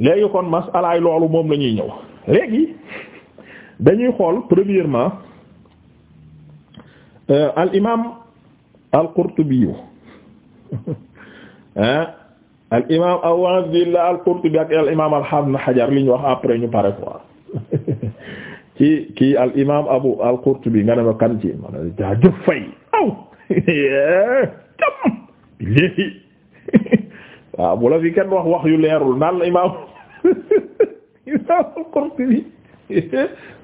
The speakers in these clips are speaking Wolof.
léegi kon masalaay loolu moom la ñuy ñëw léegi dañuy xool premièrement euh, al imaam al qurtubi ah al imaam abu abdillah al qurtubi ak al imaam al li ñu wax après ñu pare quoi kii kii al imaam abu al qurtubi nga ne ma kan ci ma ne jaajëf aw jam fi kenn wax wax yu leerul naan la imaam imam al-Qurtubi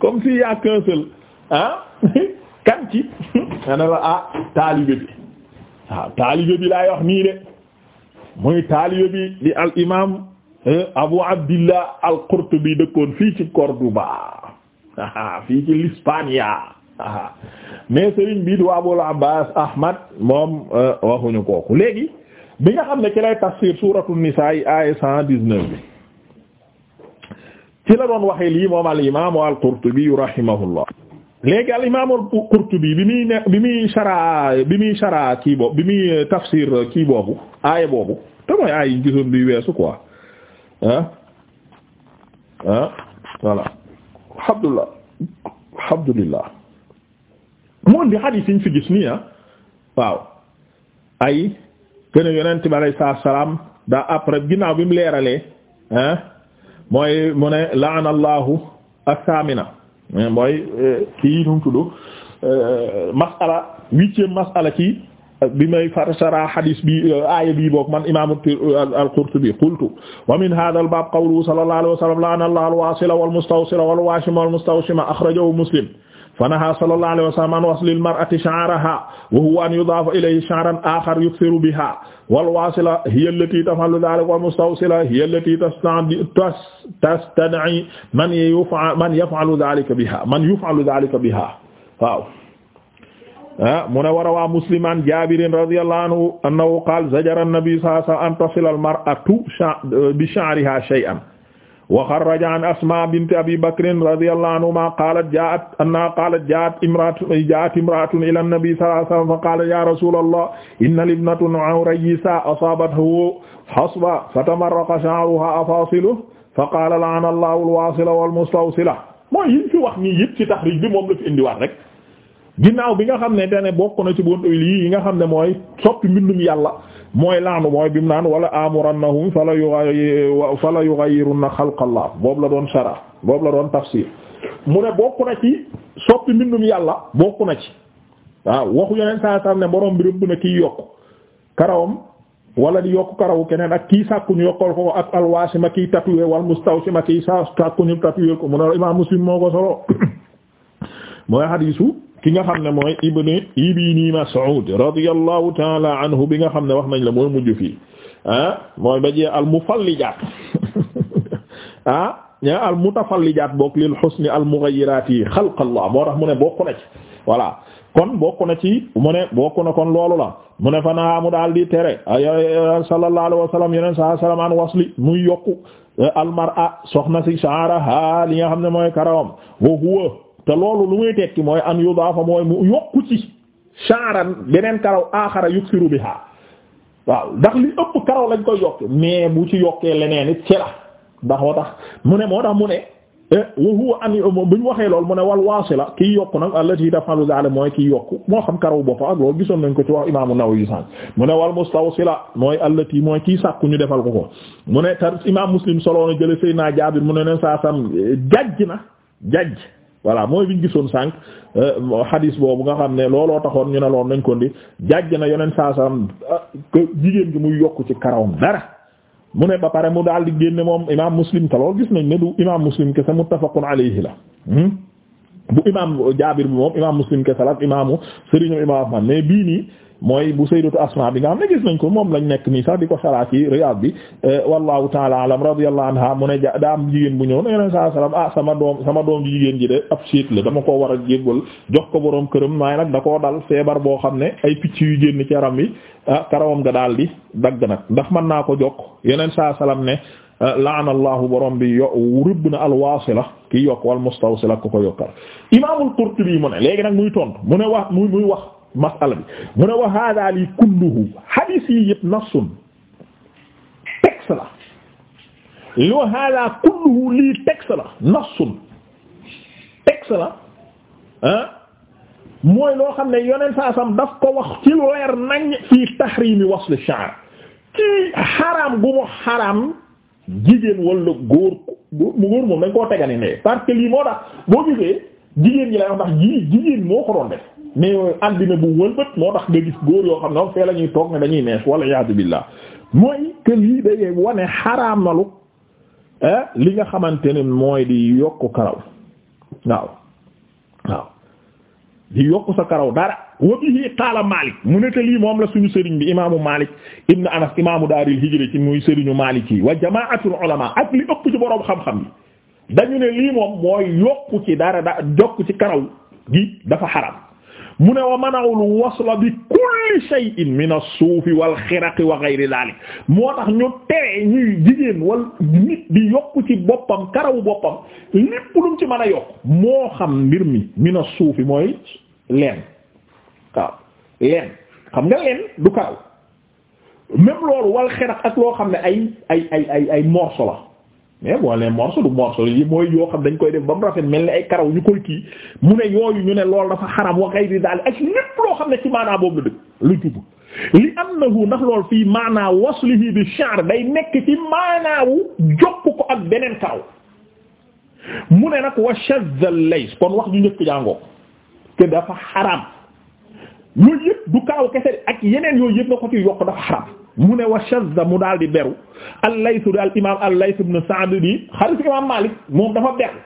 comme s'il y a qu'un seul ah ah taalibe bi ah, taalibe bi laay wax nii de muy taalibe bi di al imam eh, Abu Abdillah al-Qurtubi dëkkoon fii ci Cordoba ah, fii ci l'Hispania ah, mais Serigne bii di Abul Abbas Ahmad moom eh, waxuñu kooku léegi bi nga xam ne ci lay tafsir suuratu nisaa aaya cent dix bi ci la waxee lii moom al imaamu al Qurtubi rahimahullah léegi al imaamu al bi muy ne bi muy saraa bi muy saraa kii boobu bi muy tafsir kii boobu aaya boobu te mooy aaya yi bi weesu ko ah ah voilà alhamdulillah alhamdulillah moom di hadiis yi ñu fi gis nii ah waaw ay gën a yonent bi salaam daa après ginnaaw bi mu leeralee ah mooy mu ne laana allahu assaamina mooy kii nu mu tudd masala huitième masala ci bi may far sara hadis bi aaya bi boog man imam al-Qurtubi qultu wa min hadha al-bab qawluhu sallallahu alayhi wa sallam laana allahu al-wasila wal mustawsila wal washima wal mustawshima akhrajahu muslim fanaha sallallahu alayhi wa sallam an waslil mar'ati sha'raha wa huwa an yudaafa ilayhi sha'ran aaxar yukthiru biha wal waasila hiya allati taf'alu dhaalika wal mustawsila hiya allati tastad'i man yaf'alu man yaf'alu dhaalika biha man yaf'alu dhaalika biha waaw. ah mu ne war a waa Muslim an Jaabir radiyallahu anhu annahu qaala zajara an-nabi sallallahu alayhi wa sallam an tasila al-mar'atu bi sha'riha shay'an wa xarraja an asma bint abi bakrin radiyallahu anhuma qaalat jaat anna qaalat jaat imraatun jaat imraatun ila nabi sallallahu alayhi wasallam fa qaalat ya rasulallah inna libnatun awrayisa asabathu hasba fatamarraqa sha'ruha afaasiluhu fa qaala la'ana allahu alwaasila walmustawsila mooy yi fi wax nii yëpp ci taxriij bi moom la fi indiwaat rek ginnaaw bi nga xam ne dane bokk na ci buntu lii yi nga xam ne mooy soppi mbindum yàlla mooy laanu mooy bi mu naan wala amurannahum fala yughayyir fala na xalqallah boobu la doon sara boobu la doon tafsir mu ne bokk na ci soppi mbindum yàlla bokk na ci waaw waxu yeneen saa saa ne borom bi rëbb na kiy yokk karawam wala di yokk karawu keneen ak kii sàkkuñu yokkal ko ak alwaasima kiy tatuwee wal mustawsima kiy sàkkuñu tatuwee ko mu ne imaam muslim moo ko solo mooy hadiisu ki nga xam ne mooy ibni ibni Mas'ud radiyallahu taala anhu bi nga xam ne wax nañ la mooy mujj fii ah mooy ba jee al mufallijaat ah ña al mutafallijaat bokk lil husni al mughayyirati xalq Allah moo tax mu ne bokk na ci voilà kon bokk na ci mu ne bokk na kon loolu la mu ne naa mu daal di tere sallallahu alayhi wa sallam yeneen saa sallam an wasli muy yokku eh, almar soxna si shaaraha li nga xam ne mooy karawam wa huwa te loolu lu muy tekki mooy an yudaafa mooy mu yokku ci shaaran beneen karaw aaxara yuksiru biha waaw ndax li ëpp karaw lañ koy yokk mais mu ci yokkee leneen it ci la ndax moo tax mu ne moo tax mu ne eh, wa huwa an bu ñu waxee loolu mu ne wal waasila kiy yokk nag allati tafalu zaale mooy kiy yokk moo xam karaw boppam ak loolu gisoon nañ ko ci wax imaamu Nawawi sànq mu ne wal mustawsila mooy allati mooy kiy sàkku ñu defal ko ko mu ne tar imaam Muslim soloona jële sëy naa Jaabir mu ne neen saa sam jajj na jajj voilà mooy biñ gisoon sànq hadis euh, boobu nga xam ne looloo taxoon ñu ne loon nañ ko ndi jàjj na yoneen saa saam euh, jigéen gi muy yokk ci karawam dara mu ne ba pare mu daal di génne moom imaam muslim te lool gis nañ ne du imaam muslim kese muttafaqun alayhi la hmm? bu imaam jaabir bi moom imaam muslim kese la ak imaamu sëriñu imaam ahmad mais bii nii mooy bu sayyidatu Asma bi nga xam ne gis nañ ko moom lañ nekk nii sax di ko saraa ci Riyad bi eh, wallahu ta'ala alam radiyallahu anha mu ne daa am jigéen bu ñëw ne yeneen saa salaam sama doom sama doom ji jigéen ji de dama koo war a jébbal jox ko borom këram waaye nag da koo dal feebar boo xam ne ay picc yu génn ci yaram wi ah karawam nga daal di dagg nag ndax man naa ko jox yeneen saa salaam ne eh, laana allahu borom bi yo rëbb na alwaasila ki yokk wal mustawsila ko ko yokkal imaamul Qurtubi mu ne léegi nag muy tontu mu ne wax muy muy wax. masala bi mu ne wa hada li kulluhu hadith yi yëpp nassun texte la li wa hada kulluhu lii texte la nassun texte la ah mooy loo xam ne yoneen saa sam daf ko wax ci weer nañ fii tahrimi wasl sha'r ci xaraam gu mu xaraam jigéen wala góor mu góor moom dañ koo tegani ne parce que lii moo tax boo gisee jigéen yi la wax ndax ji jigéen moo ko doon def mais àddina bu wëlbët moo tax nga gis góor yoo xam ne moom fee la ñuy toog ne dañuy nees wala yaatu billah mooy que lii day wane xaraamalu li nga xamante ne mooy di yokk karaw waaw waaw di yokk sa karaw dara. wa bihi qaala Malik mu ne te lii moom la suñu sëriñ bi imaamu Malik ibn Anas imaamu daaril hijra ci muy sëriñu Malik yi wa jamaatul ak li ëpp ci boroom xam-xam yi dañu ne lii moom mooy yokku ci dara da jokk ci karaw gi dafa xaram. mu ne wa manawul wasla bi kulli shay'in min suuf suufi wal xiraqi wa ghayri dhalik moo tax ñu tere ñuy jigéen wal nit yokk ci boppam karawu boppam lépp lum ci mën a yokk moo xam mbir mi min as-suufi mooy leen waaw leen xam nga leen du karaw même loolu wal xiraq ak loo xam ne ay ay ay ay ay morso la mais boo leen morceau du morceau yi yoo xam dañ koy def ba mu rafet mel ni ay karaw ñu koy kii mu ne yooyu ñu ne loolu dafa xaram wa xayri daal ak lépp xam ne ci maanaa boobu la dëkk lu jub li annahu ndax lool fii maanaa waslihi bi sha'r day nekk ci maanaawu jokk ko ak beneen karaw mu ne nag wa shadha lays kon wax ñu njëkk jàngoo te dafa xaram yooyu yëpp du karaw kese ak yeneen yooyu yëpp nga ko ci yokk dafa xaram mu ne wa shazza mu daal di beru al-Layth al imaam al-Layth ibn Sa'd di xarit imaam Maalik moom dafa beru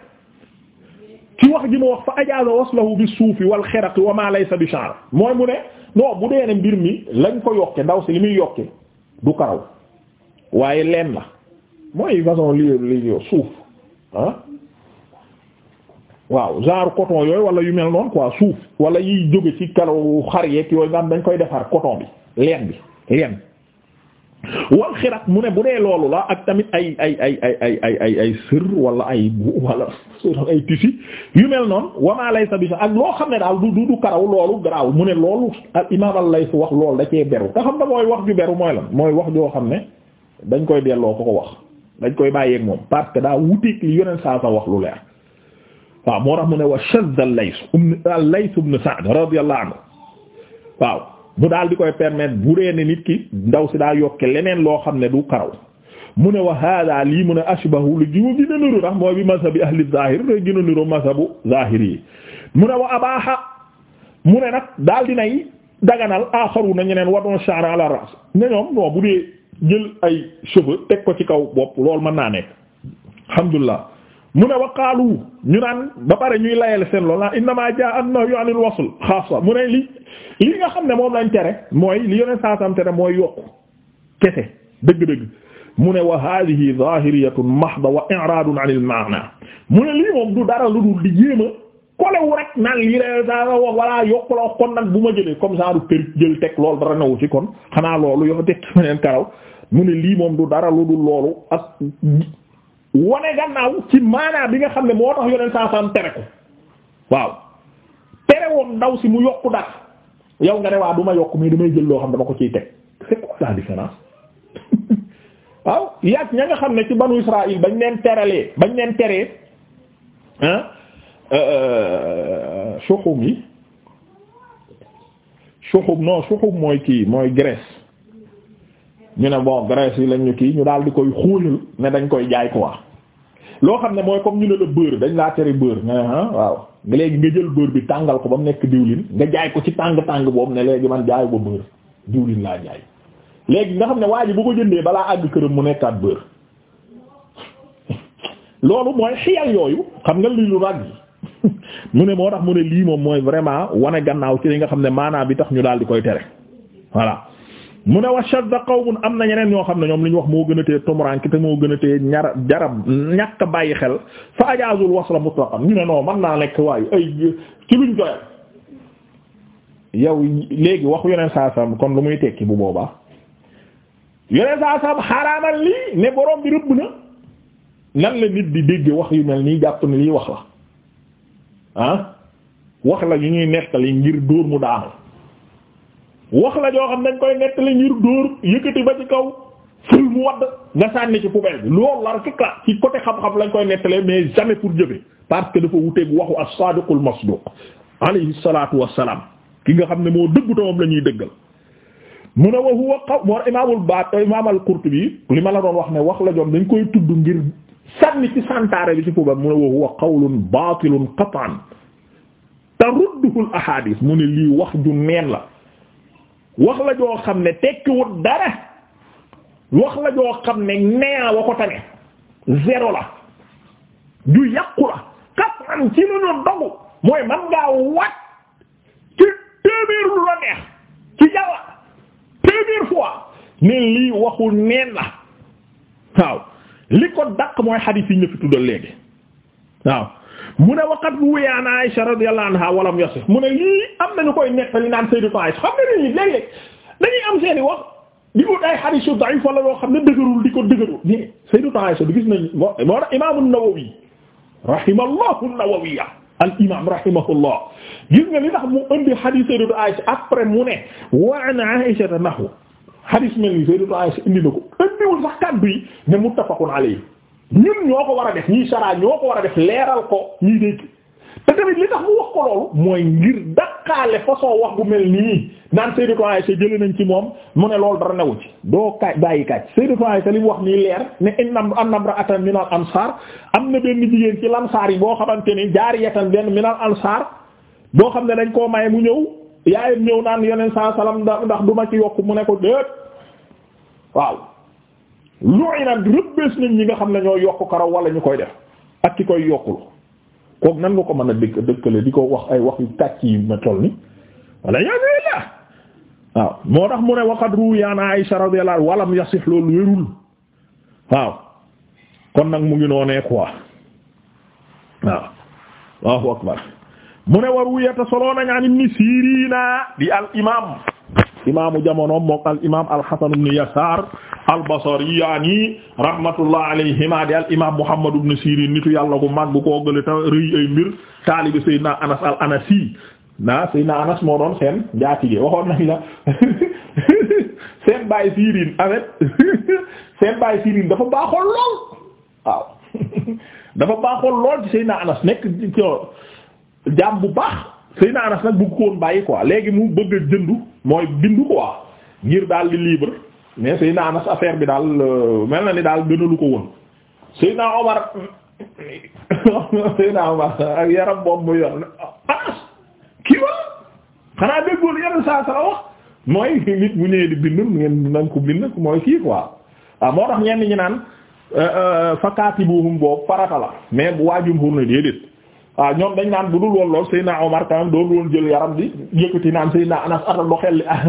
ci wax ji mu wax fa ajaaza waslahu bi suufi wal xiraq wa ma laysa bi sha'r mooy mu bu ne mbir mi lañ ko yokke ndaw si li muy yokke du karaw waaye leen la mooy façon li li suuf ah waaw genre coton yooyu wala yu mel noonu quoi suuf wala yiy jóge ci karaw xar yeeg yooyu nga am dañ koy defar coton bi leen bi leen wal xirat mu ne bu dee loolu la ak tamit ay ay ay ay ay ay ay ay sër wala ay tisi yu mel noon wamaa lay sa bi ak loo xam ne daal du du karaw loolu garaaw mu ne loolu al imaam al wax lool da cee beru te xam nga mooy wax ju beru mooy lan mooy wax joo xam ne dañ koy delloo ko ko wax dañ koy bàyyeeg moom parce que daa wuteeg li yeneen saa sa wax lu leer waaw moo tax mu ne wa shadda al lays ibn al lays ibn sa'd waaw mu daal di koy permettre bu dee ne nit ki ndaw si daa yokke leneen loo xam ne du karaw mu ne wa hada lii mu ne ashbahu lu jiwu gën a mooy bi mazhabi ahli zahir day gën a niru mazhabu zahiri yi mu ne wa abaha mu ne nag daal di daganal aaxaru na ñeneen wadon sha'ra ala ras ne ñoom non bu dee jël ay cheveux teg ko ci kaw bopp loolu mën naa nekk alhamdulillah mu ne wa qaalu ñu naan ba pare ñuy layal seen lool ah innama jaa an-nahyu anil wasl xaasa mu ne li li nga xam ne moom lañ tere mooy li yoneen saasam tere mooy yokku kese dëgg-dëgg mu ne wa hadhihi zahiriyatun mahda wa i'radun anil ma'na mu ne lii moom du dara lu dul di jéem a kolewu rek naan lii la saa wax walla yokku la wax kon nag bu ma jëlee comme ça du pér jël teg loolu dara newu ci kon xanaa loolu yo fa teg karaw mu ne lii moom du dara lu dul wane gannaaw ci maanaa bi nga xam ne moo tax yoneen saa saam tere ko waaw tere woon ndaw si mu yokk dara yow nga ne waa du ma yokk mais damay jël loo xam dama ko ciy teg c'est quoi différence waaw yàgg ña nga xam ne ci banu Israël bañ leen teralee bañ leen teree ah euh, euh, suxum yi suxum non suxum mooy kii mooy graisse ñu ne bon graisse yi lañ kii ñu daal di koy xóoyal ne dañ koy jaay ko quoi loo xam ne mooy comme ñu ne la beurre dañ laa tere beurre nga ah waaw léegi nga jël beurre bi tàngal ko ba mu nekk diwlin nga jaay ko ci tàng-tàng boobu ne léegi man jaayu ba beurre diwlin laa jaay léegi nga xam ne waa ji bu ko jëndee balaa àgg këram mu nekkaat beurre loolu mooy xiyal yooyu xam nga li lu rag yi mu ne moo tax mu ne lii moom mooy vraiment wane gannaaw ci li nga xam ne bi tax ñu daal di koy tere voilà mu ne wax wa shadda qawmun am na ñeneen ñoo xam ne ñoom li ñu wax moo gën a tee tumuranke te moo gën a tee ñar jarab ñàkk bàyyi xel fa ajaazul wasla mutlaqan ñu ne non mën naa nekk waayu ay ci luñ joyal yow léegi wax yeneen saa sam kon lu muy tekki bu boobaa yeneen saa sam xaraamal lii ne borom bi rëbb na nan la nit di dégg wax yu mel nii jàpp ne lii wax la ah wax la yu ñuy nettali ngir dóor mu daanu wax la joo xam dañ koy nettali ngir dóor yëkkati ba ci kaw ful mu wadd nga sànni ci poubelle bi loolu la rek la ci côté xam-xam lañ koy nettalee mais jamais pour jëfe parce que dafa wuteeg waxu as-sadiqul masduq alayhi salatu wassalam ki nga xam ne moo dëggu ta moom la ñuy dëggal mu ne wa huwa qaw war imaamul baat imaam al-Qurtubi li ma la doon wax ne wax la joom dañ koy tudd ngir sànni ci santaare bi ci poubelle mu ne wa huwa qawlun baatilun qat'an tarudduhu al-ahadith mu ne lii wax ju neen la wax la joo xam ne tekkiwul dara wax la joo xam ne neex wa ko tane zéro la du yàqu la kafan ci lu ñu dogu mooy man ngaa wat ci téeméer lu la neex ci jàlla téeméer fois ne lii waxul neen waaw li ko dàq mooy xadiis yi ñu fi léegi waaw mu ne waqat bu wéyaan Aisha radiyallahu anha walam yasih mu ne lii am nañu koy nettali naan Sayyidatu Aisha xam ne nii léeg-léeg dañuy am seeni wax di ut ay hadith yu da'if wala loo xam ne dëgërul di ko dëgërul ni Sayyidatu Aisha bi gis nañ moo moo tax Imam an-Nawawi rahimahullahu an-Nawawi al imam rahimahullah gis nga li tax mu indi hadith Sayyidatu Aisha après mu ne wa an Aisha nahwu hadith mel ni Sayyidatu Aisha indi na ko indiwul sax kàddu yi ne muttafaqun alayhi ñun ñoo ko war a def ñii sara ñoo ko war a def leeral ko ñii dégg te tamit li tax mu wax ko loolu mooy ngir daqaale façon wax bu mel nii naan Sayyidatu Aisha jëlee nañ ci moom mu ne loolu dara newu ci doo kaaj bàyyi kaaj Sayyidatu Aisha li mu wax nii leer ne innam annamra'atan minal ansar am na benn jigéen ci lansaar yi boo xamante ni jaariyatan benn minal ansar doo xam ne dañ koo maye mu ñëw yaayam ñëw naan yeneen saa salaam ndax du ma ci yokk mu ne ko déet looy naan rëbbees nañ ñi nga xam ne ñoo yokk karaw wala ñu koy def ak ki koy yokkul kook nan nga ko mën a dëkk dëkkale di ko wax ay wax yu tàcc yi ma toll ni wala yàlla waaw moo tax mu ne waqad ruwiya an Aisha radiyallahu anha walam yasih loolu wérul waaw kon nag mu ngi noonee quoi waaw Allahu akbar mu ne war wuyata solo nañ an ibn Sirina di al imam imaamu jamonoom moom al imam al Hasan ibn Yasar albasariyaani rahmatullah alayhima di al imam Muhammad ibn Sirin nitu yàlla ku mag bu koo gële ta rëy ay mbir taalibi Seydina Anas al Anasi na Anas moo doon seen njaatige waxoon nañ la seen baay Sirin avec seen baay Sirin dafa baaxoon lool waaw dafa baaxoon lool ci Seydina Anas nekk jaam bu baax Seydina Anas nag bëgg ko woon bàyyi quoi léegi mu bëgg a jëndu mooy bindu quoi ngir daal di mais Seydina Anas affaire bi daal euh, mel na ni daal gënalu ko woon Seydina Omar Seydina Omar ak yaram boobu muy yor Anas kii wax xanaa déggoon yeneen saa sala wax mooy nit bu ñëwee di bind ngeen nañ ko bind mooy kii quoi ah moo tax ñenn ñi naan euh, euh, fakkaati buuxum boobu farata la mais bu waajum xur na déedéet waaw ñoom dañ naan bu dul woon lool Seydina Omar quand même doon woon jël yaram di yëkkati naan Seydina Anas atal lu xel li ah,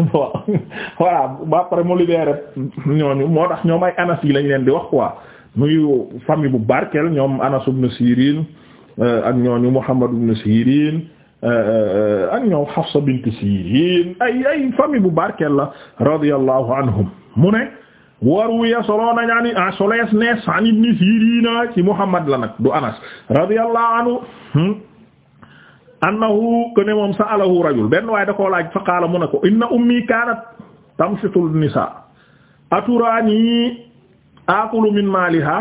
voilà ba pare mu libéré ñooñu moo tax ñoom ay Anas yi lañ leen di wax waa muy famille bu barkeel ñoom Anas ibn Sirin euh, ak ñooñu Muhammad ibn Sirin euh, euh, ak ñoom Hafsa bint Sirin ay ay famille bu barkeel la radiyallahu anhum mu ne waruya soloo nañaani en solees nees an ibni sirina ci muhammad la nag du anas radiyallahu anhu hmm, annahu kene moom sa'alahu rajul benn waaye da koo laaj fa qaala mu ne ko inna ummi kaanat tamshitul nisa aturaani akulu min maliha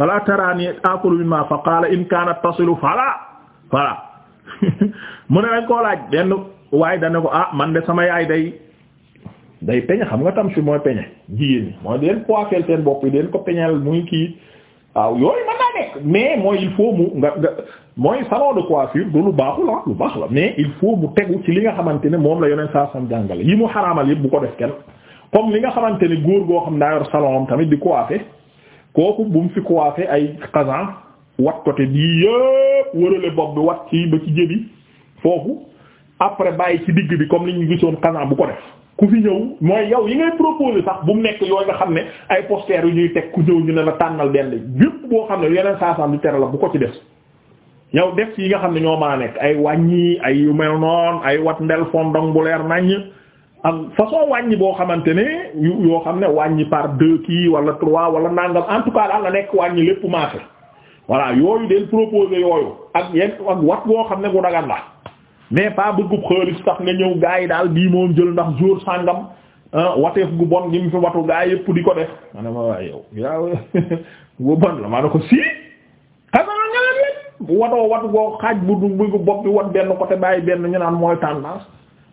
wala taraani akulu min ma fa qaala in kaanat tasilu fala fala mu ne dañ koo laaj benn waaye dane ko ah man de sama yaay day day peñe xam nga tam si mooy peñe jigéen ñi mooy deen coiffer seen bopp yi deen ko peñal muy kii waaw yooyu mën naa nekk mais mooy il faut mu nga nga mooy salon de coiffure du lu baaxul la ah lu baax la mais il faut mu tegu ci li nga xamante ne moom la yoneen saa sam jàngale yi mu xaraamal yëpp bu ko def kenn comme li nga xamante ne góor goo xam daa yor salon tamit di coiffer kooku bu mu fi coiffer ay xasan wat côté bii yëpp wërale bopp bi wat ci ba ci jëbi foofu après bàyyi ci digg bi comme li ñu gisoon xasan bu ko ku fi ñëw mooy yow yi ngay proposé sax bu mu nekk yooyu nga xam ne ay posters yu ñuy teg ku ñëw ñu ne la tànnal benn bépp boo xam ne yeneen saasam di tere la bu ko ci def yow def yi nga xam ne ñoo maa nekk ay wàññi ay yu mel noonu ay wat ndel fondong bu leer naññ ak façon wàññi boo xamante ne yoo xam ne wàññi par deux kii wala trois wala nangam en tout cas daal la nekk wàññi lépp marché voilà yooyu del proposé yooyu ak yenn ak wat boo xam ne bu dagan la mais pas bëggub xaalis tax nga ñëw gaa yi daal bii moom jël ndax jour sàngam ah, wateef gu bon gi mu fi watu gaa yëpp di ko def ma ma waaye yow yaaw bu bon la ko si xanaa nga leen leen watoo watu bi wat benn côté bàyyi benn ñu naan mooy tendance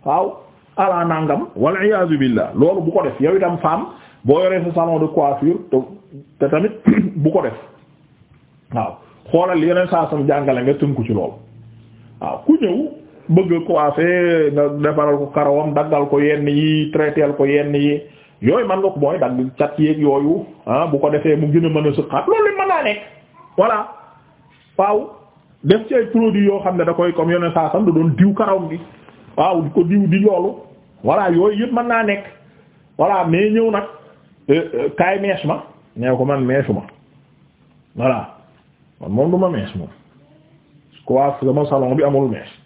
waaw ala nangam wal iyaazu billah loolu bu ko def yow itam femme boo yoree sa salon de coiffure te tamit bu ko def waaw xoolal yeneen saa sam jàngale nga ko ci loolu waaw ku ñëw bëgg coiffé nga defaral ko karawam daggal ko yenn yi traiteel ko yenn yi yooyu man nga ko mooy dagg cat yeeg yooyu ah bu ko defee mu gën a mën a sëqaat loolu li mën naa nekk voilà waaw def ci ay produits yoo xam ne da koy comme yeneen saa sam da doon diw karawam gi waaw di ko diw di loolu voilà yooyu yëpp man naa nekk voilà mais ñëw nag euh, euh, kaay mees ma nee ko man meesu ma voilà man moom du ma mees moom quoi sama salon bi amul mees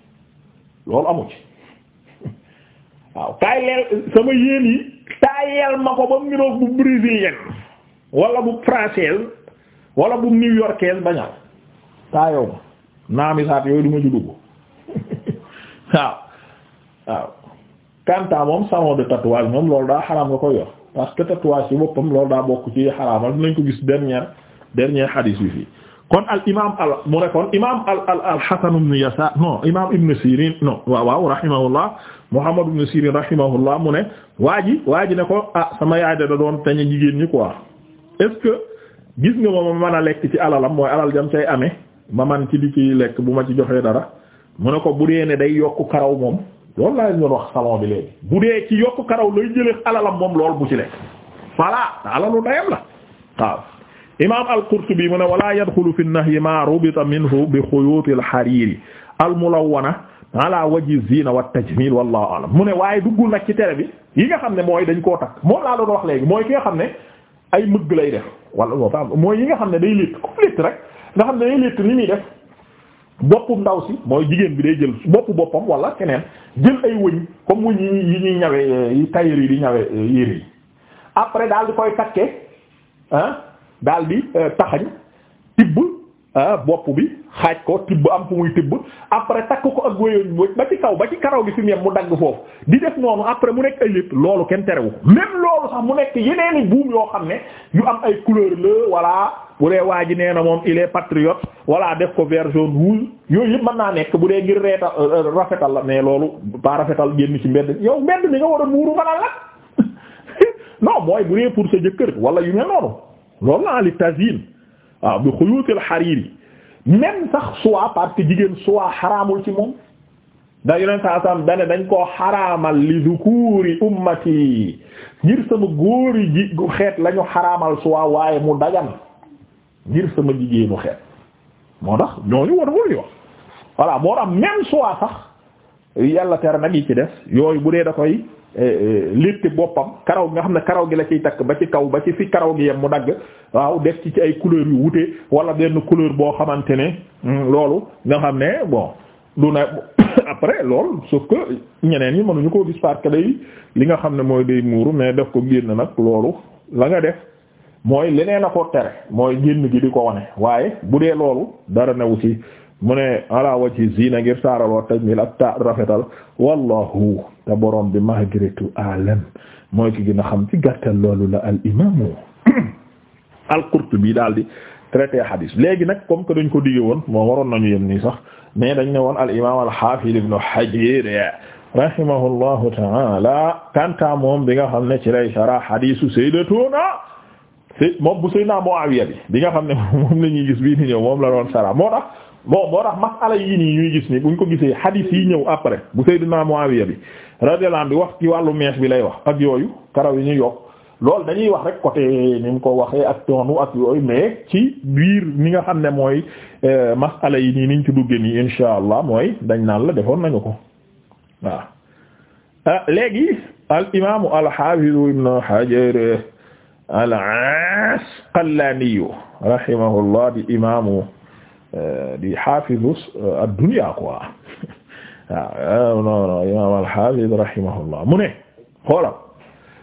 loolu amu ci waaw kaay leel sama yéen yi taayeel ma ko ba mu niroog bu brésilienne wala bu française wala bu new yorkaise bañal taayoo ma naami saat yooyu du ma ci dugg waaw waaw kanta moom salon de tatouage moom loolu daa xaraam nga koy yor parce que tatouage ci boppam loolu daa bokk ci xaraamal dinañ ko gis dernière dernier hadith bi fii kon al imaam al mu ne kon imaam al al al Hasan ibn Yasaar non imaam Ibn Sirin non waaw waaw rahimahullah Muhammad ibn Sirin rahimahullah mu ne waa ji waa ji ne ko ah sama yaay da doon teñe jigéen ñi quoi est-ce que gis nga ma ma mën a lekk ci alalam mooy alal jam cay amee ma man ci di ci lekk bu ma ci joxee dara mu ne ko bu dee ne day yokk karaw moom loolu laa leen doon wax salon bi léegi bu dee ci yokk karaw lay jëlee alalam moom lool bu ci lekk voilà alalu ndeyam la waaw. imaam al-Qurtubi mu ne wala yadxulu fi nahyi ma rubita minhu bi xuyuut al-xariiri al-mulawwana ala wajhi zina wa tajmil wallahu a'lam mu ne waaye duggul nag ci tere bi yi nga xam ne mooy dañ koo takk moom laa doon wax léegi mooy ki nga xam ne ay mëgg lay def wala mooy yi nga xam ne day létt comme létt rek nga xam ne day létt ni muy def boppum ndaw si mooy jigéen bi day jël boppu boppam wala keneen jël ay wëñ comme wëñ yi ñuy ñawe yi tailleur di ñawe yére yi après daal daal di euh, taxañ tibb euh, bopp bi xaaj ko tibb am fu muy tibb après takk ko ak wéyoon ba ci kaw ba ci karaw gi fi mu yem mu dagg foofu di def noonu après mu nekk ay lépp loolu kenn terewu même loolu sax mu nekk yeneeni buum yoo xam ne yu am ay couleur la voilà bu dee waa ji nee na moom il est patriote voilà def ko vert jaune rouge yooyu yëpp mën naa nekk bu dee ngir reeta euh, rafetal la mais loolu pas rafetal génn ci mbedd yow mbedd mi nga war a muuru fanaan na mooy bu pour sa wala yu loolu la li tazyin bi xuyuutil xariir yi même sax suwaa parce que jigéen suwaa xaraamul ci moom da yoneen saa sam dane dañ koo xaraamal li dukuri ummati ngir sama góori ji xeet la ñu xaraamal suwaa waaye mu dagan ngir sama jigéenu xeet moo tax ñooñu war wul wax voilà moo tax même suwaa sax yàlla tere nag yi ci yooyu bu dee da koy létti boppam karaw nga xam ne karaw gi la ciy takk ba ci kaw ba ci fi karaw gi yem mu dagg waaw def ci ay couleurs yu wute wala benn couleur boo xamante ne hmm, loolu nga xam ne bon du na après lool sauf que ñeneen ñi mënuñu koo ko parce que day li nga xam ne mooy day muuru mais def ko génn nag loolu la nga def mooy leneen a ko tere mooy génn gi di ko wane waaye bu dee loolu dara newu ci mu ne ala waci zina ngir taaral wa tajmil ak ta rafetal wallahu te borom bi malgré tout alam mooy ki gën a xam ci gàttal loolu la al imamu al-Qurtubi daal di traité hadis léegi nag comme que dañ ko digge woon moo waroon nañu yem nii sax mais dañ ne woon al imam al-Hafiz ibn Hajar rahimahullahu ta'ala kanta moom bi nga xam ne ci lay sara hadisu sayyidatuna moom bu Seydina Muawiya bi bi nga xam ne moom la ñuy gis bii ni ñëw moom la doon sara moo tax bon moo tax masala yii nii ñuy gis ni bu buñ ko gisee hadith yi ñëw après bu Seydina Muawiya bi radiyallahu anhu bi wax ci wàllu mees bi lay wax ak yooyu karaw yi ñu yokk loolu dañuy wax rek côté ñu mu ko waxee ak toonu ak yooyu mais ci biir ni nga xam ne mooy euh, masala yi nii niñ ci dugge nii insha allah mooy dañ naan la defoon nañu ko waaw ah, léegi al imaamu al xaafidu ibnu Hajar al Asqalaani rahimahullah di imaamu Euh, di xaafizus euh, ad-dunya quoi waaw ah, euh, non imaam al-Haafiz mu ne xoolal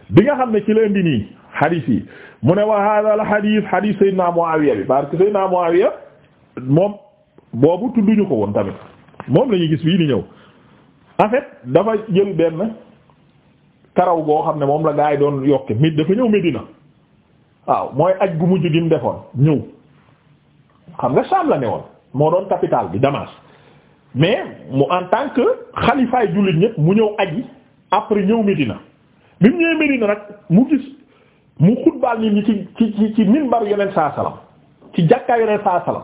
bi nga xam ne ci leen di nii xadiis yi mu ne wa haaza al-xadiis xadiis Seydina Muawiya bi parce que Seydina Muawiya moom boobu tudduñu ko woon tamit moom lañuy gis fii di ñëw en fait dafa jël benn karaw goo xam ne moom la gaa yi doon yokke mi dafa ñëw Medina waaw mooy aj gu mujj gi mu defoon ñëw xam nga Sham la ne woon moo doon capitale bi Damas mais mu en tant que xalifaay jullit ñëpp mu ñëw aji après ñëw Medina bi mu ñëwee Medina nag mu gis mu xutbaal nit ci ci ci ci minbaru yeneen saa salam ci jàkkaay yeneen saa salam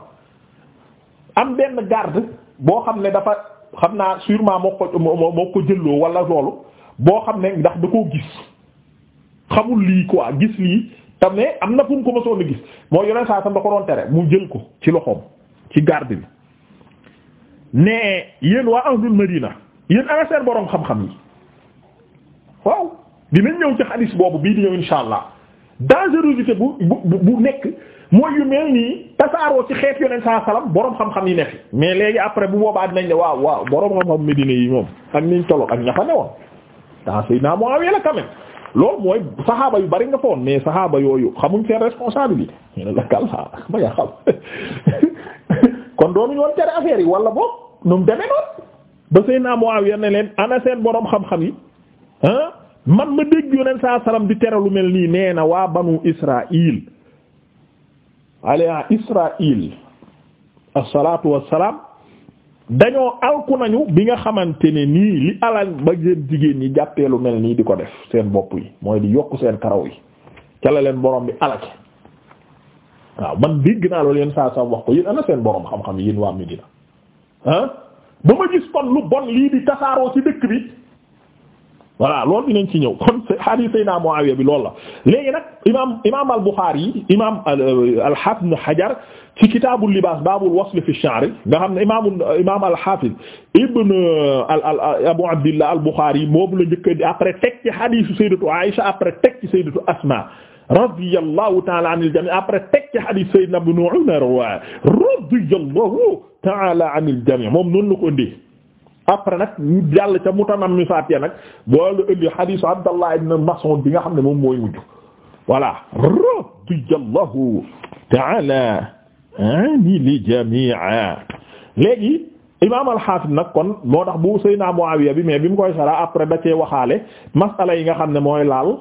am benn garde boo xam ne dafa xam naa sûrement moo ko moo ko jëlloo wala loolu boo xam ne ndax da koo gis xamul lii quoi gis lii tam ne am na fu mu ko mësoon a gis moo yoneen saa sam da ko doon tere mu jël ko ci loxoom ci garde bi ne yéen waa ahlul madina yéen ana seen boroom xam-xam yi waaw dinañ ñëw ci xadis boobu bii di ñëw insha allah dangerosité bu bu bu nekk mooy yu mel nii tasaaroo ci xeet yoneen saa salam boroom xam-xam yi nekk mais léegi après bu boobaa nañ ne waaw waaw boroom xam-xam Medina yi moom ak niñ tolloon ak ña fa newoon daa naa moo awee la quand loolu mooy saxaaba yu bari nga foon mais saxaaba yooyu xamuñ seen responsabilité ñu ne la kàlla ma kon doonuñu woon tere affaire yi wala boog nu mu demee noonu ba Seydina Muawiya ne leen ana seen borom xam-xam yi man ma dégg yoneen saa salaam di tere mel nii nee na waa banu Israaïl. alaa Israaïl. as-salaatu wa salaam. dañoo alku nañu bi nga xamante ne nii li alal ba seen jigéen ñi jàppee lu mel nii di ko def seen bopp yi mooy di yokk seen karaw yi ca la leen boroom bi alake waaw man dégg naa loolu leen saa saa wax ko yéen ana seen borom xam-xam yéen waa Medina ah ba ma gis kon lu bon lii di tasaaroo ci dëkk bi. voilà loolu dinañ ci ñëw kon hadith sayna Muawiya bi loolu la léegi nag imaam imaam al-Bukhari imaam euh, al-Hafiz Ibn Hajar ci kitaabul libaas baabul wasl fi ash-sha'r nga xam ne imaam imaam al-Hafiz ibn euh, al al Abu Abdillah al-Bukhari moom la njëkk di après teg ci hadithu sayyidatu Aisha après teg ci sayyidatu Asma radiyallahu ta'ala anil jami' après teg ci hadith sayyidina Ibn Umar radiyallahu ta'ala anil jami' moom noonu la ko indi après nag ñu jàll ca mutanammisaat ya nag boolu indi hadith Abdallah ibn Mas'ud bi nga xam ne moom mooy mujj voilà radiyallahu ta'ala anil jami'a léegi imam al-Hafiz nag kon moo tax bu Seydina Muawiya bi mais bi mu koy sara après da cee waxaale masala yi nga xam ne mooy laal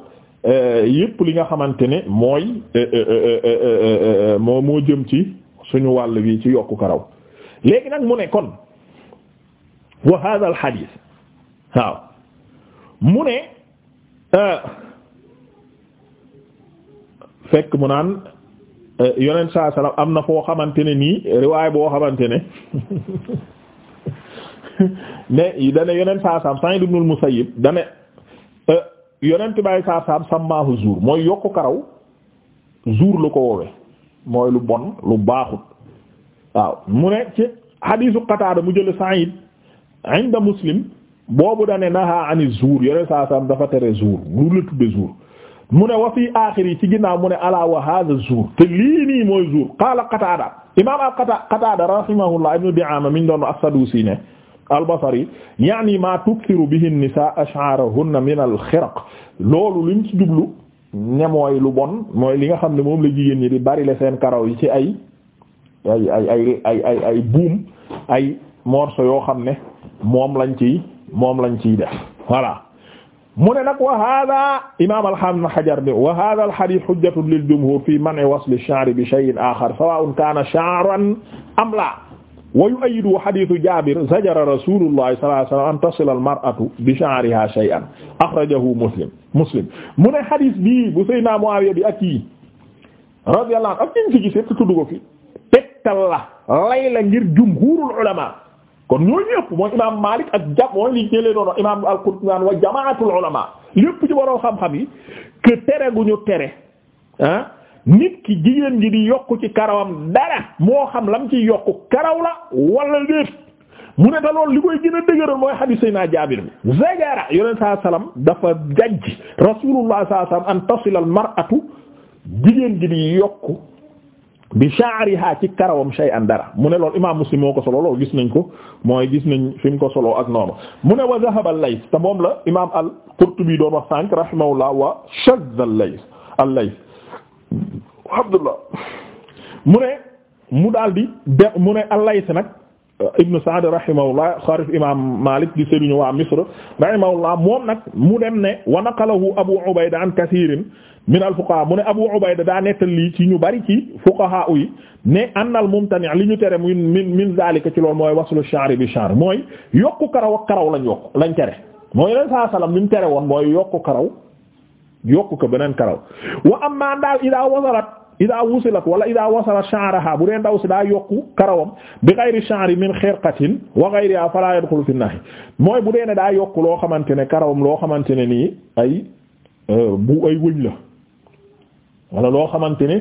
euh, yépp li nga xamante ne mooy euh, euh, moo moo jëm ci suñu wàll wi ci yokk karaw léegi nag mu ne kon wa hadha al waaw mu ne euh, fekk mu naan euh, yonent saa am na foo xamante ne nii riwaay boo xamante ne ne dane yonent saa salaam Sa'id ibn al-Musayyib dane euh, yonent baay saa salaam sàmmaahu mooy yokk karaw zuur lu ko woowe mooy lu bon lu baaxut waaw mu ne ci hadiisu Qataada mu jël Sa'id inda muslim boobu da ne naha ani zuur yore saa saam dafa tere zuur lu la tudde zuur mu ne wa fii aaxir yi ci ginnaaw mu ne ala wa hadha zuur te lii nii mooy zuur qaala Qataada imaam al Qataada rahimahullah ibnu Di'aama mi ñu doon as-Sadusi ne al-Basri yaani maa tukthiru bihi nisaa ash'aarahunna min al-xiraq loolu luñ ci jublu ne mooy lu bon mooy li nga xam ne moom la jigéen ñi di bari la seen karaw yi ci ay ay ay ay ay ay ay buum ay morceaux yoo xam ne. moom lañ ciy moom lañ ciy def voilà mu ne nag wa hada imam alhamna hajar bi wa hada alhadith hujjatun lil jumhur fi man'i wasl ash-sha'r bi shay'in akhar sawa'un kana sha'ran am la wa yu'ayyidu hadithu jabir zajara rasulullah sallallahu alayhi wasallam an tasila al-mar'atu bi sha'riha shay'an akhrajahu muslim muslim mu ne hadith bi bu sayna muawiya bi ak yi radiyallahu anhu ak ñu fi gis tudd ko fi tegtal la lay la ngir jumhurul ulama kon ñooñu ñëpp mooy imaam Maalik ak jàpp mooy li jëlee noonu imaam al-Qurtubi naan wa jamaatul ulama lépp ci waroo xam-xam yi que tere gu ñu tere ah nit ki jigéen gi di yokk ci karawam dara moo xam lam ci yokk karaw la wala déet mu ne te loolu li koy gën a dëgëral mooy hadith sayna Jaabir bi zagara yoneen saa salaam dafa jajj Rasulullah saa salaam an tasil al jigéen gi di yokk bi sha'riha ci karawam shay'an dara mu ne loolu imaam muslim moo ko solo loolu gis nañ ko mooy gis nañ fi ko solo ak noonu mu ne wa dhahaba al-Layth moom la imaam al-Qurtubi doon wax sànq rahimahullah wa shadda al-Layth al Abdullah mu ne mu nag Ibn Sa'd rahimahullah xarif imaam Malik wa naqalahu Abu Ubayda an kathirin min al fuqaha mu ne Abu Ubayda daa nettal lii ci ñu bari ci fuqaha yi ne annal mumtani' li ñu tere min min min zalika ci loolu mooy waslu sha'r bi sha'r mooy yokk karaw ak karaw lañ yokk lañ tere mooy leen saa salaam li ñu tere woon mooy yokku karaw yokk ko beneen karaw wa amma daal idaa wasalat idaa wusilat wala idaa wasalat sha'raha bu dee ndaw si daa yokku karawam bi ghayri sha'ri min khirqatin wa ghayriha fala yadkhulu fi nahy mooy bu dee ne daa yokku loo xamante ne karawam loo xamante ne nii ay euh, bu ay la wala loo xamante ni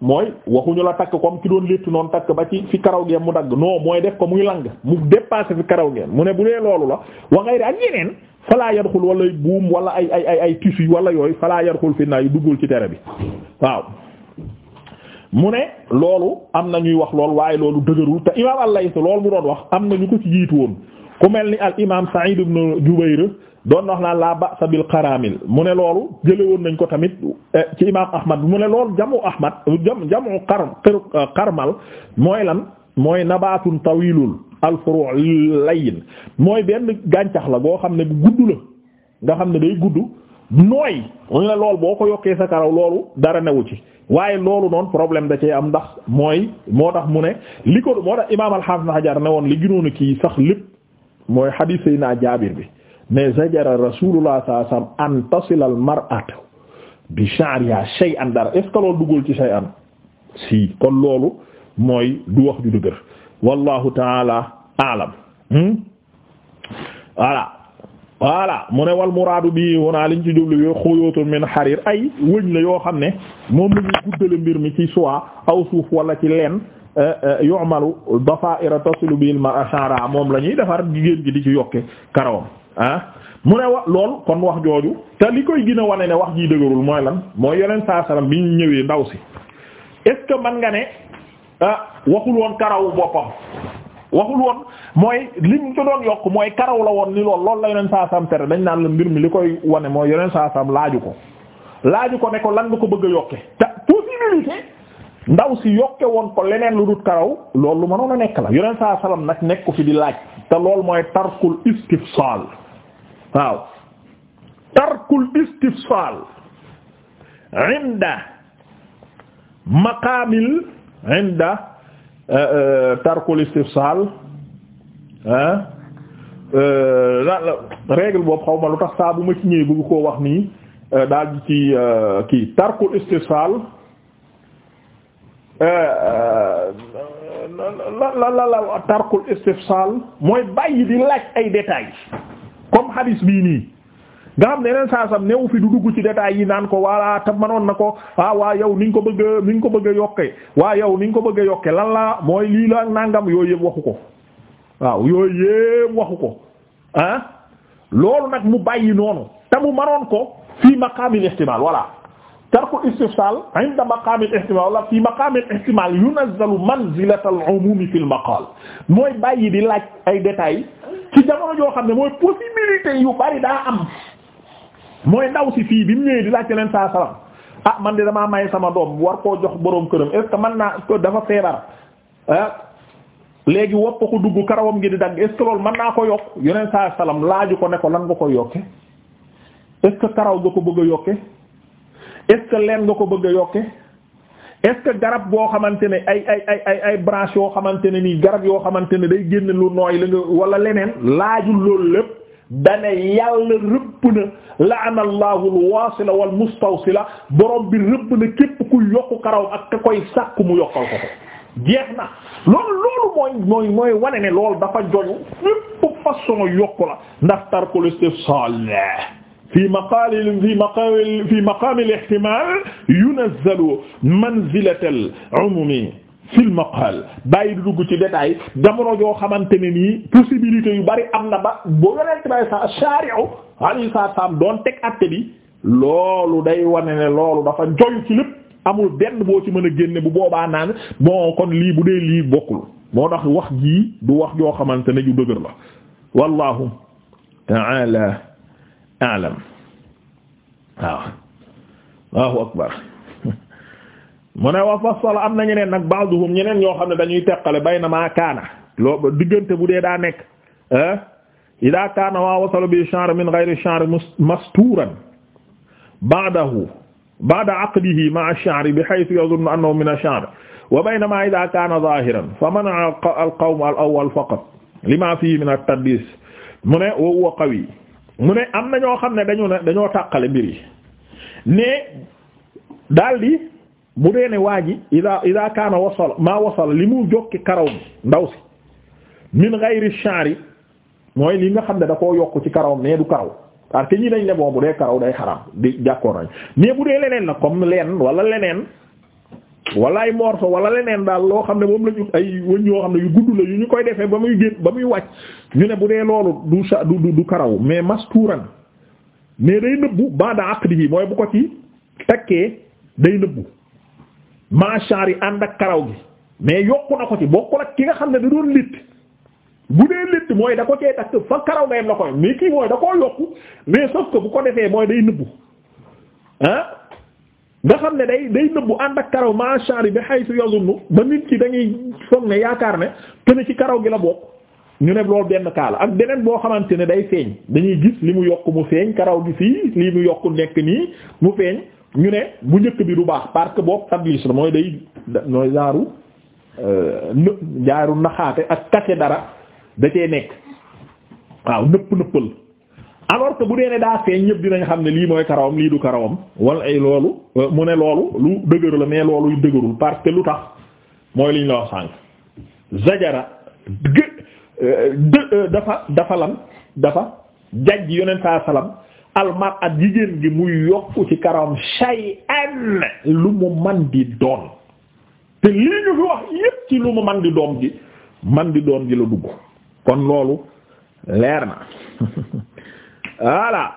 mooy waxuñu la takk comme ci doon léttu noon takk ba ci fi karaw geem mu dagg noo mooy def ko muy lang mu dépassé fi karaw geem mu ne bu dee loolu la wa ghayri ak yeneen falaa yadxul wala buum wala ay ay ay ay tissu wala yooyu falaa yadxul fi naa yu duggul ci tere bi waaw mu ne loolu am na ñuy wax lool waaye loolu dëgërul te imaam al-Layth loolu mu doon wax am na ñu ko ci jiitu woon ku mel ni al imaam Sa'id ibn Jubayr doon wax naan la ba'sa bil qaramil mu ne loolu jële woon nañ ko tamit eh, ci imaam Ahmad mu ne loolu jamu Ahmad jam jamu qar eh, qarmal mooy lan mooy nabaatun tawilul al furu' layyin mooy benn gàncax la boo xam ne bu gudd la nga xam ne day gudd nooy mu ne loolu boo ko yokkee sa karaw loolu dara newu ci waaye loolu noon problème da cee am ndax mooy moo tax mu ne li ko moo tax imaam al-Hafiz Hajar ne woon li gënoon a kii sax lépp. mooy xadiis Seydina Jaabir bi mais zajara Rasulullah sallallahu alayhi wasallam an tasila al bi sha'riha shay'an dara est ce que loolu ci shay'an si kon loolu mooy du wax ju dëgër wallahu taala aalam hmm? voilà voilà mu ne wal muraadu bi wonaa liñ ci jublu bi xuyutun min xariir ay wëñ la yoo xam ne moom la ñuy guddale mbir mi ci soie aw suuf wala ci leen Eh, eh, yu'malu dafa'ira tasilu bil mar'a sha'ra moom la ñuy defar jigéen gi di ci yokke karawam ah mu ne wa lool kon wax jooju te li koy gën wane ne wax ji dëgërul mooy lan mooy yeneen saa salaam bi ñu ñëwee ndaw si est ce man nga ne ah, waxul woon karawu boppam waxul woon mooy li mu doon yokk mooy karaw la woon ni lool loolu la yeneen saa salaam tere dañ naan la mbir mi li koy wane mooy yeneen saa laaju ko laaju ko ne ko lan nga ko bëgg a yokke te possibilité ndaw si yokke woon ko leneen lu dul karaw loolu lu mënoon a nekk la yoneen saa salaam nag nekku fi di laaj te loolu mooy tarkul istifsal waaw tarkul istifsal inda maqaamil inda eh, eh, tarkul istifsal eh? boobu xaw lu tax saa bu ma ci ñëwee bëgg koo wax nii daal di ci kii tarkul istifsal Euh, euh, la la la tarkul mooy bàyyi di laaj ay détails comme hadis bii nii nga xam ne yeneen saa sam newu fi du dugg ci détails yi naan ko wala te manoon na ko ah, waa yow ni nga ko bëgg ni nga ko bëgg a yokke waa yow ni nga ko bëgg a yokke lan la mooy lii la nangam yooyu yëpp waxu ko waaw yooyu yëpp waxu ko ah loolu nag mu bàyyi noonu te manoon ko fii maqaamil ihtimal voilà tarku istifsal inda maqam al ihtimal wala fi maqam al ihtimal yunazzalu manzilata al umum fi al mooy bàyyi di laaj ay détails ci jamono joo xam ne mooy possibilité yu bari daa am mooy ndaw si fii bi mu ñëwee di laaj leen saa salaam ah man de damaa may sama doom war koo jox boroom këram est ce naa ko dafa feebar ah, léegi wopp ko dugg karawam ngi di dagg est ce que naa ko yokk yeneen saa salaam laaju ko ne ko lan nga ko yokke est ko bëgg a yokke est leen nga ko bëgg a yokke est-ce que garab goo xamante ne ay ay ay ay ay branche yoo xamante ne nii garab yoo xamante ne day génn lu nooy la nga wala leneen laajul loolu lépp dane yàlla rëbb na laana allahu alwaasila wal mustawsila borom bi rëbb na képp ku yokku karaw ak ka koy sàkk mu yokkal ko ko jeex na loolu loolu mooy mooy mooy wane ne loolu dafa joju lépp façon yokku la ndax tarkul istifsal fi maqaamil fi maqaamil fi maqaamil ihtimaal yunazzalu manzilatal umumi fil maqaal bàyyi di dugg ci détail jamono joo xamante ne nii possibilité yu bari am na ba boo yorente bay sa shari'u alayhi salaam doon teg atte bi loolu day wane ne loolu dafa joy ci lépp amul benn boo ci mën a génne bu boobaa naan bon kon lii bu dee lii bokkul moo tax wax jii du wax joo xamante ne ju dëgër la wallahu ta'ala a'lam waaw Allahu akbar mu ne wa fassala am na ñeneen nag ba'duhum ñeneen ñoo xam ne dañuy teqale bayna ma kaana loo diggante bu dee daa nekk ah, ida kaana ma wasala bi sha'r min ghayri sha'r masturan ba'dahu ba'da 'aqdihi ma'a ash-sha'r bi haythu yadhunnu annahu min ash-sha'r wa bayna ma ida kaana zaahiran fa mana'a al-qawm al-awwal faqat lima fihi min at-tadlis mu ne wa huwa qawi mu ne am na ñoo xam ne dañu ne dañoo tàqale mbir yi ne daldi bu dee ne waa ji ida ida kaana wasala maa wasala li mu jokki karaw bi ndaw si min ghayri sha'ri mooy li nga xam ne da koo yokk ci karaw mais du karaw parce que ñi dañ ne boobu dee karaw day xaram di jàkkoor nañ mais bu dee leneen la comme leen wala leneen walaay morso wala leneen daal loo xam ne moom la ñu ay wëñ yoo xam ne yu gudd la yu ñu koy defee ba muy génn ba muy wàcc ñu ne bu dee loolu du sa du du karaw mais masturan mais day nëbbu bada di bi mooy bu ko ci takkee day nëbbu machar yi ànd ak karaw gi mais yokku na ko ci bokkul ak ki nga xam ne da doon litt bu dee litt mooy da ko cee takk fa karaw nga yem la koy mais kii mooy da koo yokku mais sauf que bu ko defee mooy day nëbbu ah nga xam ne day day nëbbu ànd ak karaw ma shari bi haythu yazunnu ba nit ci dañuy foog ne yaakaar ne kenn ci karaw gi la bokk ñu ne loolu benn kaala ak beneen boo xamante ne day feeñ dañuy gis li mu yokk mu feeñ karaw gi fii li mu yokk nekk nii mu feeñ ñu ne bu njëkk bi du baax parce que boobu tablis la mooy day nooy jaaru euh, në jaaru naxaate ak kase dara da cee nekk waaw nëpp nëppal alors que bu dee ne daa feeñ ñëpp dinañ xam ne lii mooy karawam lii du karawam wala ay loolu euh, mu ne loolu lu dëgër la mais loolu yu dëgërul parce que lu tax mooy liñ la wax sànq zajara gë euh, euh, dafa dafa lan dafa jaj yonent saa salam almar at jigéen gi muy yokk ci karawam shay'an lu mu man di doon te lii ñu fi wax yépp ci lu mu man di doom gi man di doom gi la dugg kon loolu leer na voilà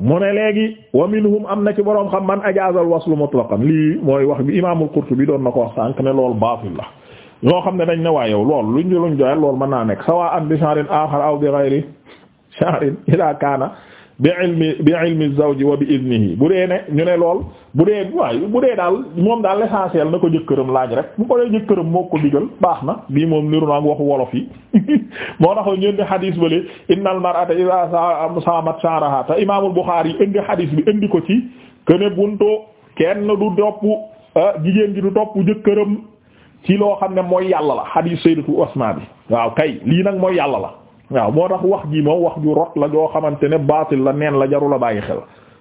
mu ne léegi wa minhum am na ci boroom xam man ajaazal waslu mutlaqan lii mooy wax bi imaamul bi doon na ko wax sànq ne loolu baatil la ñoo xam ne dañ ne waa yow lool luñ luñ joxe loolu mën naa nekk sawa'an bi sha'rin akhar aw bi ghayri sha'rin ila kaana bi ilmi bi ilmi zawji wa bi idnihi bu dee ne ñu ne lool bu dee waay bu daal moom daal l'essentiel na ko jëkkëram laaj rek bu ko dee jëkkëram moo ko baax na bii moom niru na ak waxu wolof yi moo taxoon ñu indi xadis bale innal mar'ata idha saamat sha'raha te imaamul Buxaari indi xadis bi indi ko ci kene bunto kenn du topp ah, jigéen ji du topp jëkkëram ci loo xam ne mooy yàlla la xadis sayyidatu Usmaan bi waaw kay lii nag mooy yàlla la waaw moo tax wax ji moom wax ju rot la joo xamante ne baatil la neen la jarula bàyyi xel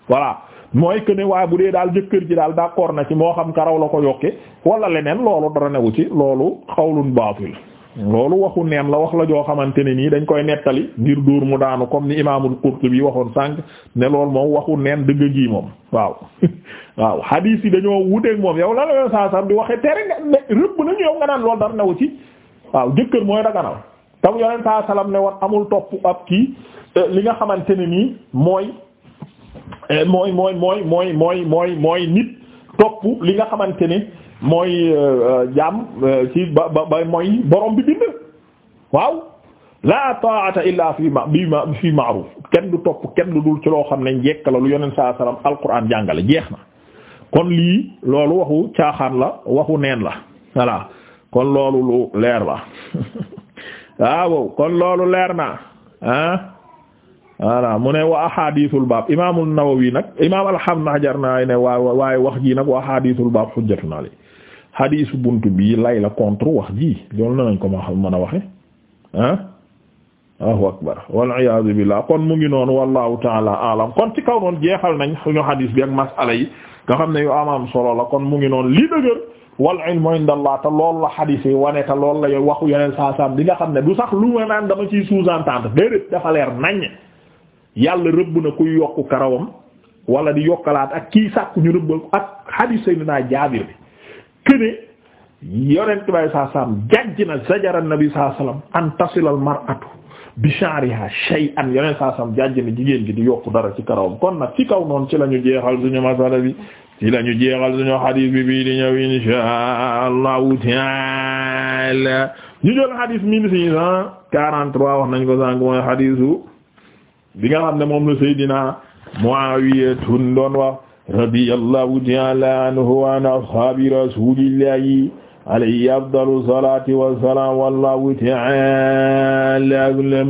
voilà mooy que ne waaye bu dee daal jëkkër ji daal d'accord na ci moo xam karaw la ko yokke wala leneen loolu dara newu ci loolu xawlun baatil loolu waxu neen la wax la joo xamante ne nii dañ koy nettali ngir dóor mu daanu comme ni imaamul bi waxoon sànq ne loolu moom waxu neen dëgg gi moom waaw waaw hadith yi dañoo wuteeg moom yow la la saa saa di waxee tere nga rëbb nañu yow nga naan ci waaw jëkkër mooy daganal taw yonent saa salaam ne woon amul topp ab kii eh, li nga xamante ne nii mooy eh, mooy mooy mooy mooy mooy mooy mooy nit topp li nga xamante ne mooy eh, jaam ci ba ba ba mooy borom bi bind waaw la ta'ata illa fi ma bi ma fi ma'ruf kenn du topp kenn du dul ci loo xam ne njekk la lu yonent saa salaam alquran jàngale jeex na kon lii loolu waxu caaxaan la waxu neen la voilà kon loolu lu leer la Ah, waaw kon loolu leer na ah voilà mu ne wa ahadithul baab imaam an-Nawawi nag imaam al-Hafiz Hajar na ne waa waaye wax ji nag wa ahadithul baab hujjatun alayhi hadisu bunt bi lay la contre wax ji loolu na nañ ko ma mën a waxe ah Allahu akbar wal iyaadu billah kon mu ngi noonu wallahu taala alam kon ci kaw noonu jeexal nañ suñu hadis bi ak masala yi nga xam ne yu amaam solo la kon mu ngi noonu lii dëgër wal ilmu inda Allah te loolu la xadiis yi wane te lool la waxu yeneen saa saam li nga xam ne du sax lu ma naan dama ciy sous-entendre déedéet dafa leer naññ yàlla rëbb na kuy yokku karawam wala di yokkalaat ak kii sàkk ñu rëbbal ak xadiis Seydina Jaabir bi këne yonent bi saa saam jajj na zajara nabi saa sallam an tasilal mar'atu bi sha'riha shay'an yonent saa saam jajj na jigéen gi di yokku dara ci karawam kon na ci kaw noonu ci lañu jeexal suñu masala bi ci lañu jeexal suñu xadis bi bii di ñëw insha allahu taala ñu jël xadis mille six cent quarante-trois wax nañ ko sànq mooy xadisu bi nga xam ne moom la Seydina Muawiya tun doon wax radiyallahu taala anhu wa an ashaabi rasulillahi alayhi afdalu salaati wassalaam wallahu taala a'lam